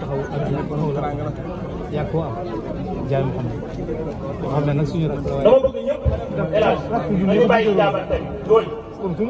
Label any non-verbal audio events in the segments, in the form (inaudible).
taxaw ak yàlla taxaw am jaay ma xam nag suñu rakk waaye. dama bëgg ñëpp def élage dañu mu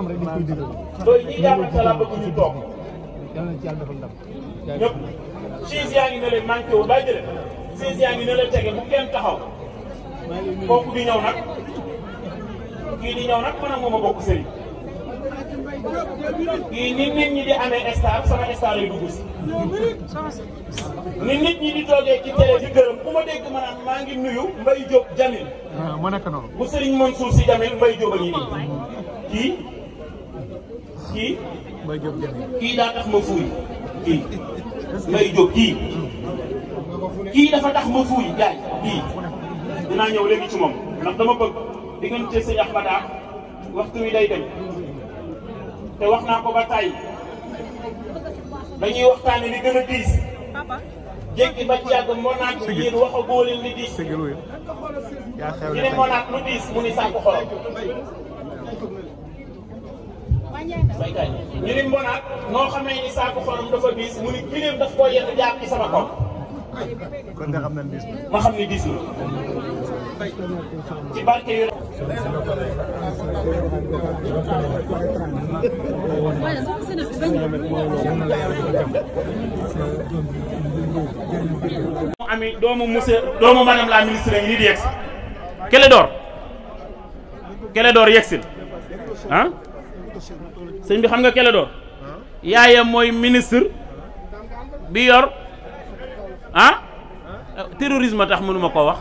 am rek dañ koy déglu. doy laa bëgg ñu toog. yàlla na ci yàlla defal ndam. ñëpp siis yaa ngi ne leen manqué wu kenn taxaw kooku di ñëw nag kii di ñëw nag mën a moom a bokk sëriñ kii ni nit ñi di amee star sama star lay dugg si. nit ñi di toogee ci télé di gërëm ku ma dégg ma naan maa ngi nuyu Mbaye Diop Jamil. waaw ah, ma nekk noonu. bu Serigne Mansour si Jamil Mbaye Diop a ngi nii. kii kii. Mbaye Diop Jamil kii tax ma fuuy kii. Mbaye Diop kii. Hmm. kii dafa tax ma fuuy jaay kii. dinaa ñëw léegi ci moom ndax dama bëgg diggante sëñ Ahmada waxtu wi day dem. te wax naa ko ba tàyyi dañuy waxtaane li gën a diis jékki ba ci yàgg monaat bi yéen wax a góoleel li diis ñu ne monaat lu diis mu ni sànq xorom ñu ni monaat noo xamee ni sànq xorom dafa diis mu ni kilim daf koo yenn jaar ci sama kaw kon nga xam ma xam ne mu amee doomu monsieur doomu madame la ministre ngi nii di yegsi kele door kele door ah? bi xam nga kele yaayam mooy ministre bi yor ah terrorisme tax mënuma koo wax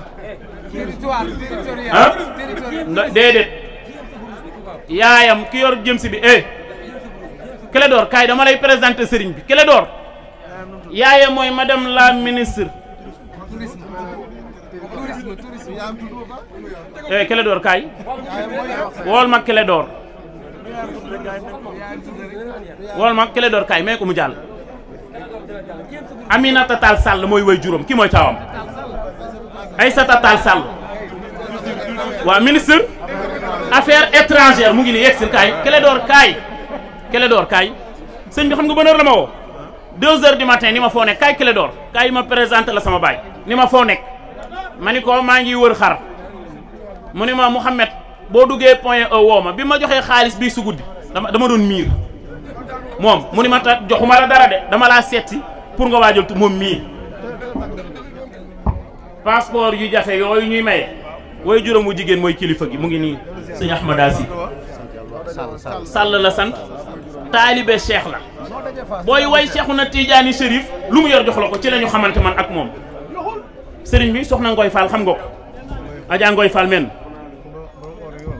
ah déedéet yaayam ki yor jëm bi eh Clédor kaay dama lay présenter sëriñ bi Clédor yaayam mooy madame la ministre eh Clédor kaay wool ma Clédor wool ma Clédor kaay may ko mu jàll Aminata Tall Sall mooy way juróom ki mooy taawam Aïssata Tall Sall waa ministre affaires étrangères mu ngi nii yegsil kaay Clédor kaay Clédor kaay sëñ bi xam nga bonheur la ma woo deux heures du matin ni ma foo nekk kaay Clédor kaay ma présenté la sama baay ni ma foo nekk ma ni ko maa ngi wër xar mu ni ma Mouhamed boo duggee point e woo ma bi ma joxee xaalis bii su guddi dama dama doon miir moom mu ni ma ta joxuma la dara de dama laa seeti pour nga waajal tu moom mii passeport yu jafe yooyu ñuy maye woy juróom jigéen mooy kilifa gi mu ngi nii sëñ Ahmada Si sàll la sant taalibe cheikh la booy way cheikhu na Tijaani Chérif lu mu yor jox ko ci la xamante man ak moom sëriñ bi soxna Ngoy Fall xam nga ko Adja Ngoy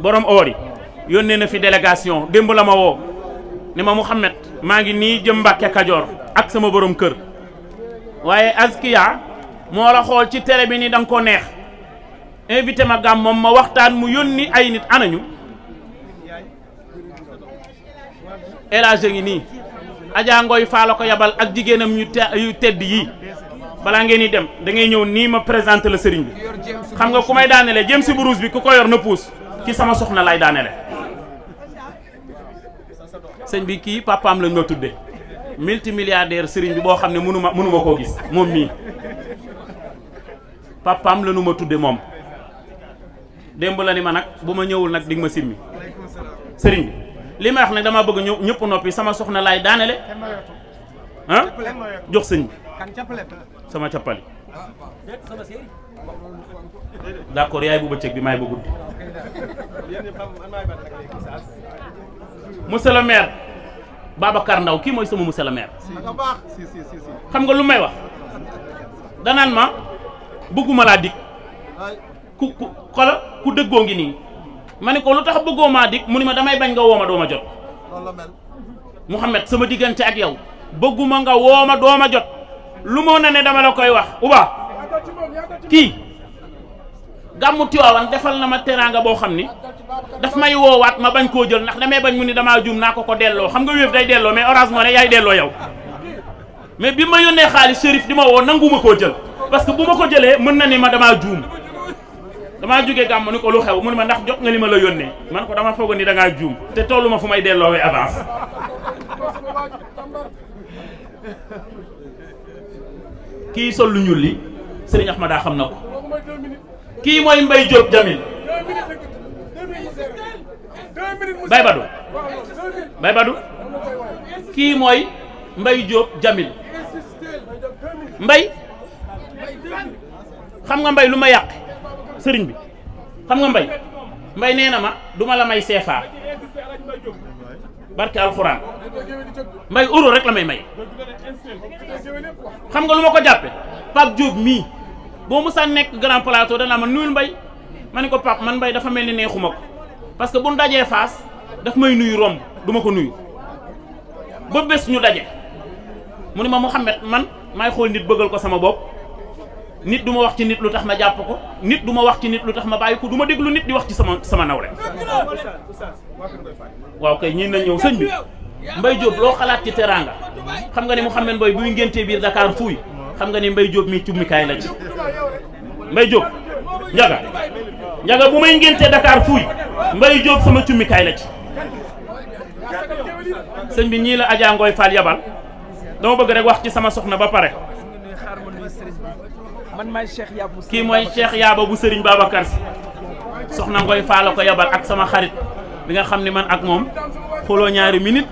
borom oor yónnee na fi délégation démb la ma woo ne ma Mouhamed maa ngi nii jëm Mbàkke Kajoor ak sama borom kër waaye askiya moo la xool ci télé bi ni da ko neex invité ma gàmm moom ma waxtaan mu yónni ay nit anañu élage ngi nii Adja Ngoy Faala ko yabal ak jigéenam ñu yu tedd yii balaa ngeen di dem da ngay ñëw nii ma présenté la sëriñ bi xam nga ku may daanele jëm si buruus bi ku ko yor na puus ci sama soxna lay daanele sëñ bi kii papaam lañ ma tuddee multimilliardaire sëriñ bi boo xam ne mënuma mënuma koo gis moom mii papaam la nu ma tudde moom démb la ni ma nag bu ma ñëwul nag dig ma simmi sëriñ bi li may wax dama bëgg ñëw ñëpp noppi sama soxna laay daanele ah jox sëñ bi sama cappali d'accord yaay bu bëccëg bi maay bu guddi monsieur le Babacar Ndaw kii mooy sama monsieur le maire xam nga lu may wax danaan ma bëgguma laa dig ku ku xola ku dëggoo ngi nii ma ne ko lu tax bëggoo maa dig mu ni ma damay bañ nga woo ma doo ma jot Mouhamed sama diggante ak yow bëgguma nga woo ma doo ma jot lu moo na ne dama la koy wax uba kii gàmmu Tiwaawan defal na ma teraanga boo xam ni daf may woowaat ma bañ koo jël ndax damay bañ mu ni damaa juum naa ko ko delloo xam nga Wave day delloo mais Orange Money yaay delloo yow mais bi ma yónnee xaalis Chérif di ma woo ma koo jël parce que bu ma ko jëlee mën na ni ma damaa juum damaa jógee gàmm ni ko lu xew mu ne ma ndax jot nga li ma la yónnee man ko dama foog ni da ngaa juum te tollu ma fu may delloowee avance kii sol lu ñuul li Serigne Ahmada xam na kii mooy mbay Diop Jamil Baye Badou Baye Badou kii mooy mbay jóob Jamil mbay xam nga mbay lu ma yàq sëriñ bi xam nga mbay Mbaye nee na ma duma la may CFA barke alxuraan Mbaye euro rek la may may xam nga lu ma ko jàppe Pape Diop mii boo mu saan nekk grand plateau danaa ma nuyul mbay ma ne ko pap man mbay dafa mel ni neexuma ko parce que bu nu dajee faas daf may nuyu romb duma ko nuyu ba bés ñu daje mu ne ma Mouhamed man maay xool nit bëggal ko sama bopp nit du ma wax ci nit lu tax ma jàpp ko nit du ma wax ci nit lu tax ma bàyyi ko duma déglu nit di wax ci sama sama nawle waaw kay ñii nañ ñëw sëñ bi mbay Diop loo xalaat ci teraanga xam nga ni Mouhamed Mbaye buy ngéntee biir Dakar fuuy xam nga ni Mbaye mi cummi la ci Mbaye Diop Ndiaga Ndiaga bu may ngénte Dakar fuuy Mbaye Diop sama cummikaay la ci sëñ bi ñii la Adja Ngoy Fall yabal dama bëgg rek wax ci sama soxna ba pare kii mooy Cheikh Yaaba bu Serigne Babacar si soxna Ngoy Fall la ko yabal ak sama xarit bi nga xam ni man ak moom xuloo ñaari minute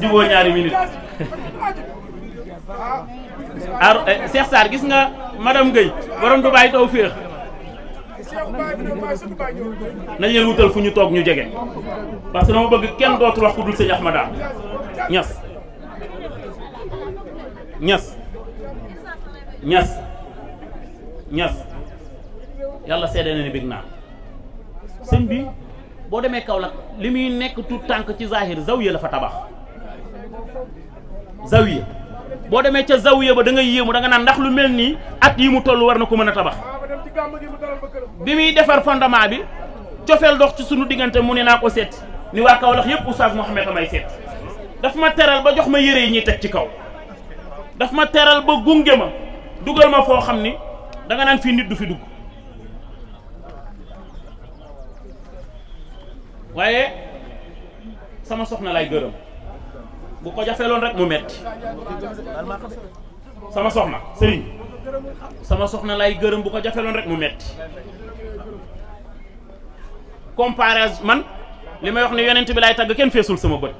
juboo ñaari minute (laughs) ar eh, Cheikh gis nga madame Guèye borom du bàyyi taw féex nañ leen wutal fu ñu toog ñu jege parce que dama bëgg kenn dootul wax ku dul sëñ Ahmada ñas ñas ñas ñas yàlla seede na ni bég naa sëñ bi boo demee Kaolack li muy nekk tout tànk ci zahir zawiya la fa tabax zawiya boo demee ca zawiya ba da ngay yéemu danga naan ndax lu mel nii at yi mu toll war na ko mën a tabax ah, bi muy defar fondement bi cofeel dox ci sunu diggante mu ne naa ko seet ni waa Kaolack yëpp oustaz Mouhamed ay seet daf ma teral ba jox ma yére yi ñuy teg ci kaw daf ma teral ba gunge ma dugal ma foo xam ni danga naan fii nit du fi dugg waaye sama soxna lay gërëm bu ko jafeeloon rek mu metti sama soxna sëriñ sama soxna lay gërëm bu ko jafeeloon rek mu metti comparaison man li may wax ne yonent bi lay tagg kenn feesul sama bët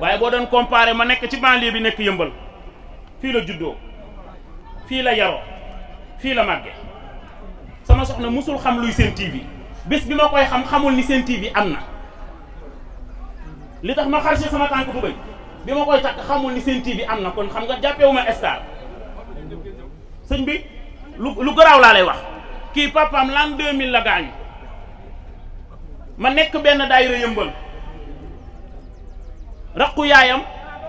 waaye boo doon comparé ma nekk ci banlieue bi nekk yëmbal fii la juddoo fii la yaroo fii la màgge sama soxna musul xam luy seen TV bés bi ma koy xam xamul ni seen TV am na li tax ma xarse sama tànk bu bay bi ma koy takk xamul ni seen TV am na kon xam nga jàppewu ma star sëñ bi lu lu garaaw laa lay wax kii papaam l'an 2000 la gaañu ma nekk benn daayira yëmbal raqu yaayam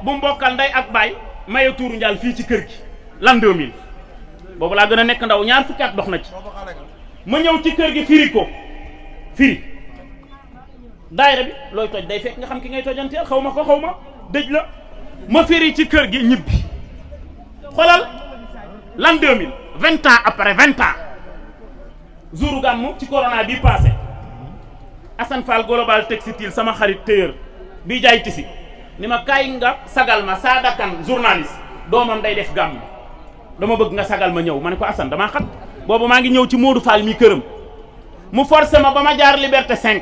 bu mbokkal ndey ak baay maye tuuru njaal fii ci kër gi l'an 2000 boobu laa gën a nekk ndaw ñaar fukki at dox na ci ma ñëw ci kër gi firi ko firi daayira bi looy toj day fekk nga xam ki ngay tojanteel xaw ma ko xaw ma déj na ma firi ci kër gi ñibbi xoolal l'an deux mille vingt ans après vingt ans jour gàmmu ci corona bi passé Assane Fall global sama xarit téer bii jaay tisi ni ma kaay nga sagal ma saa dakkan journaliste doomam day def gàmm dama bëgg nga sagal ma ñëw ma ne ko Assane damaa xat boobu maa ngi ñëw ci Modou Fall mii këram mu forcé ma ba ma jaar liberté 5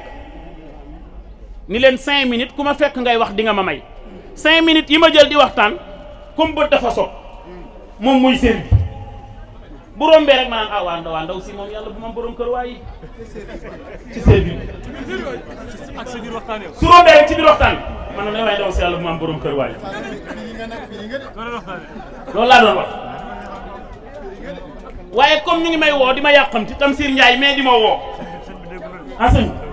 ni leen 5 minutes ku ma fekk ngay wax dinga ma may cinq minutes yi ma jël di waxtaan comme bët dafa soog moom muy seen bi bu rombee rek ma naan ah waa ndaw waa ndaw si moom bu ma borom kër waaye ci seen bi su rombee rek ci biir waxtaan ma ne may kër waaye loolu laa doon waaye comme ñu ngi may woo di ma yàqamti Tamsir Ndiaye mais di ma woo. (laughs)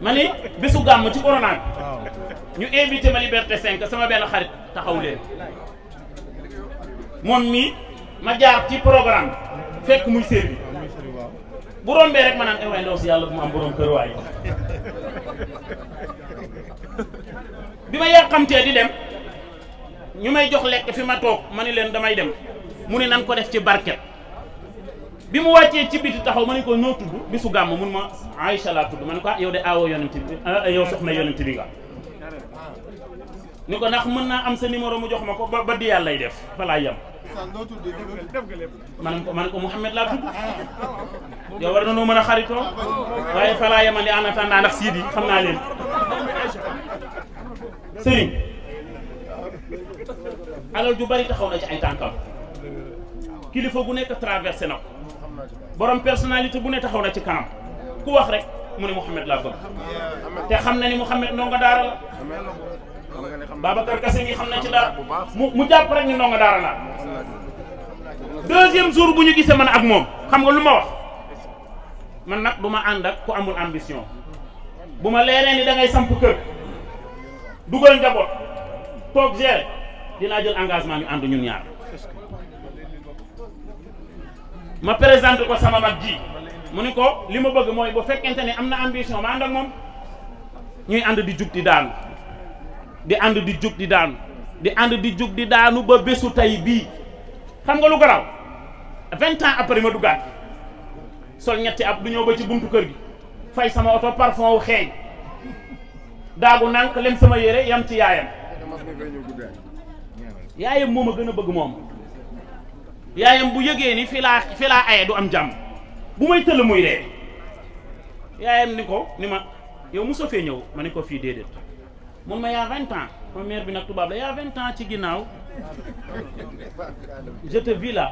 ma ni bésu gàmm ci Corona ñu invité ma Liberté 5 sama benn xarit taxaw leen moom mii ma jaar ci programme fekk muy séeréer bu rombee rek ma naan eh yàlla bu mu am kër waaye bi ma yàqamtee di dem ñu may jox lekk fi ma toog ma ni leen damay dem mu ne nan ko def ci barket. bi mu wàccee ci biti taxaw ma ne ko noo tudd bisu gàmm mun ma Aïcha laa tudd ma ne ko ah, yow de aawoo yonent bi ah, yow soxna yonent bi nga ni ko ndax mën naa am sa numéro mu jox ma ko ba ba di yàlla lay def balaa yem. man man ko Mouhamed laa tudd yow war na noo mën a xaritoo waaye falaa yemandi en attendant ndax sii yi xam naa leen sëriñ alal ju bari taxaw na ci ay tànkam kilifa gu nekk traversé na ko borom personnalité bu ne taxaw na ci kanam ku wax rek mu ne Mouhamed laa bëgg te xam na ni Mouhamed ndongo daara la Babacar Kassé mi xam na ci dara mu mu jàpp rek ni ndongo daara la deuxième jour bu ñu gisee man ak moom xam nga lu ma wax man nag du ma ànd ak ku amul ambition bu ma leeree ni da ngay samp kër dugal njaboot toog gérer dinaa jël engagement ñu ànd ñun ñaar. ma présenté ko sama mag ji mu ni ko li ma bëgg mooy bu fekkente ne am na ambition ma ànd ak moom ñuy ànd di jug di daanu di ànd di jug di daanu di ànd di jug di daanu ba bésu tey bii xam nga lu garaaw vingt ans après ma duggaat sol ñetti ab du ñëw ba ci buntu kër gi fay sama oto parfum wu xeeñ daagu nànk leen sama yére yam ci yaayam yaayam moom a gën a bëgg moom yaayam bu yëgee ni fi laa fi laa aye du am jàmm bu may tëll muy yaayam ni ko ni ma yow mosoo fee ñëw ma ni ko fii déedéet mun ma yaa vingt ans ma mère bi nag tubaab la yaa vingt ans ci ginnaaw je te vis ma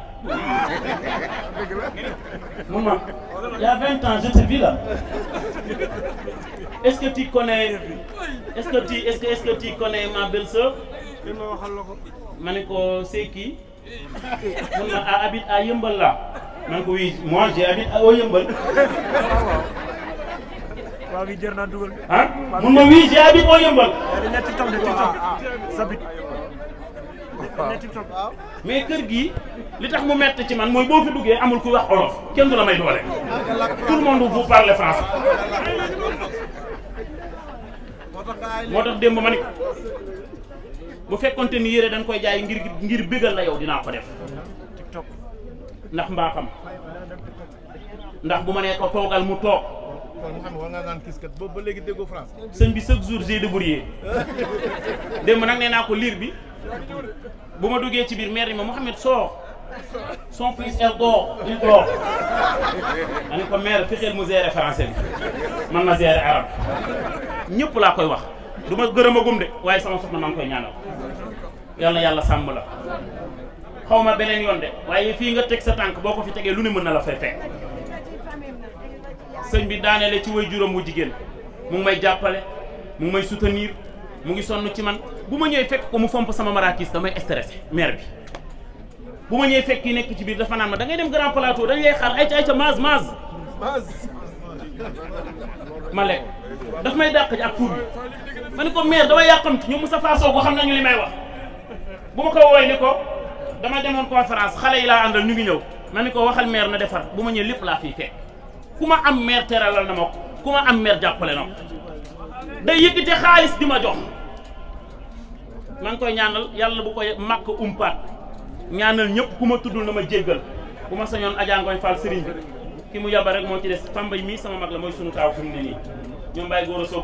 yaa vingt ans je te vis là est-ce que que est-ce que ma belle ma ni ko c'est mun na a habite à la man ko oui moi j'habite au Yeumbeul waaw bi jër naa dugal ah mun ma oui mais kër gi li tax mu mett ci man mooy boo fi duggee amul ku wax olof kenn du la may doole tout le monde vous parle français moo tax démb ma ni bu fekkonte ni yére dañ koy jaay ngir ngir bégal la yow dinaa ko def ndax mbaa xam ndax bu ma nee ko toogal mu toog. sëñ bi chaque jour j'ai de bourrier (laughs) démb nag nee naa ko liir bi bu ma duggee ci biir maire yi ma Mouhamed soo son fils est góor il góor ma ne ko maire fexeel mu gérer français bi man ma gérer arabe ñëpp laa koy wax. du ma gërëm a gum de waaye sama soxna maa ngi koy ñaanal yal na yàlla sàmm la xaw ma beneen yoon de waaye fii nga teg sa tànk boo ko fi tegee lu ne mën na la fay fekk sëñ bi daaneele ci way juróom wu jigéen mu ngi may jàppale mu ngi may soutenir mu ngi sonn ci man bu ma ñëwee fekk ko mu fomp sama maraakis damay stressé maire bi bu ma ñëwee fekk ki nekk ci biir dafa naa ma da ngay dem grand plateau dañ lay xaar ay ca ay ca maas maas ma lekk daf may ma ne ko maire dama yàqamti ñu Moustapha Sow xam nañu li may wax bu ma ko woy ni ko dama demoon conférence xale yi laa àndal ñu ngi ñëw ma ne ko waxal maire na defar bu ma ñëw lépp laa fiy fekk ku ma am maire teralal na ma ko ku ma am maire jàppale na day yëkkati xaalis di ma jox maa ngi koy ñaanal yàlla bu koy màkk umpaat ñaanal ñëpp ku ma tuddul na ma jéggal bu ma sa Adja Ngoy Fall sëriñ bi ki mu yaba rek moo ci des Pambay mii sama mag la mooy sunu taaw fi